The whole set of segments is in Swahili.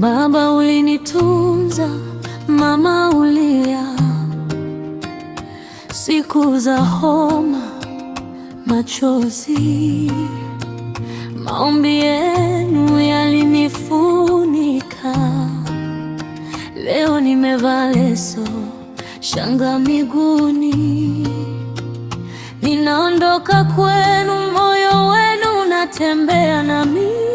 Baba ulinitunza, mama ulia, siku za homa, machozi, maombi yenu yalinifunika. Leo nimevaa leso, shanga miguuni, ninaondoka kwenu, moyo wenu unatembea mimi.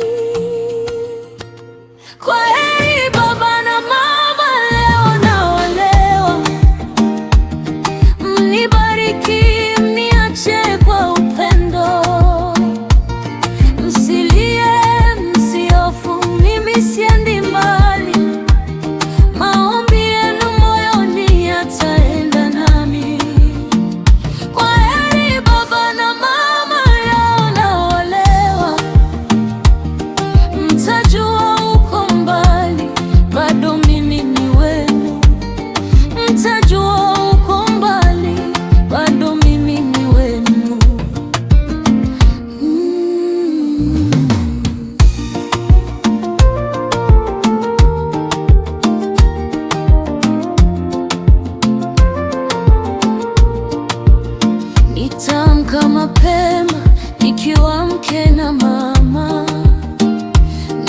Nilitamka mapema nikiwa mke na mama,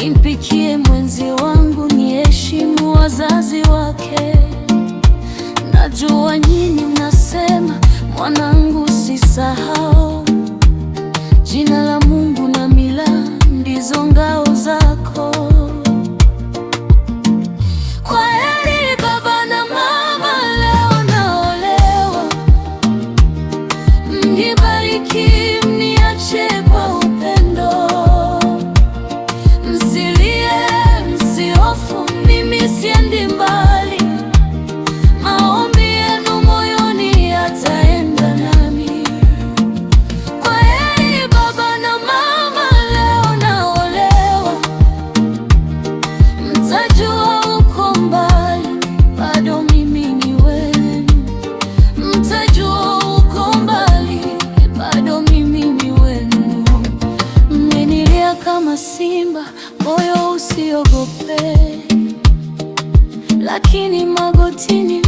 nimpikie mwenzi wangu lakini magotini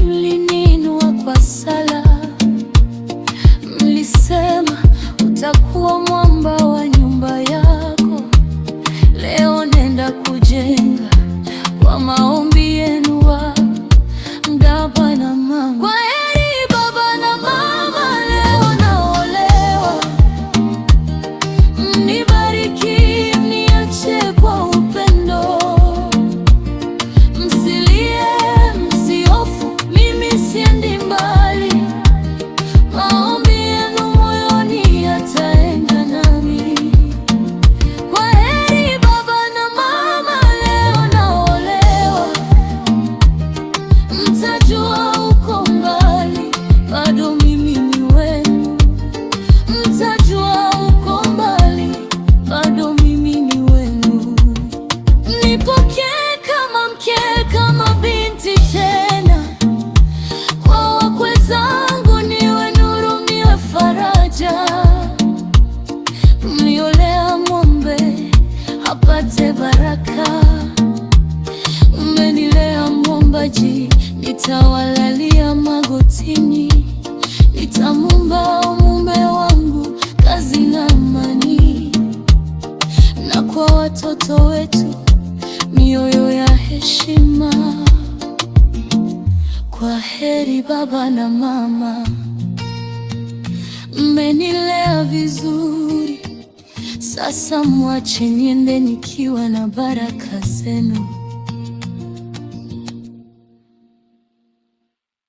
maji, nitawalalia magotini, nitamumba mume wangu kazi na amani, na kwa watoto wetu mioyo ya heshima. Kwa heri baba na mama, mmenilea vizuri, sasa mwache niende nikiwa na baraka zenu.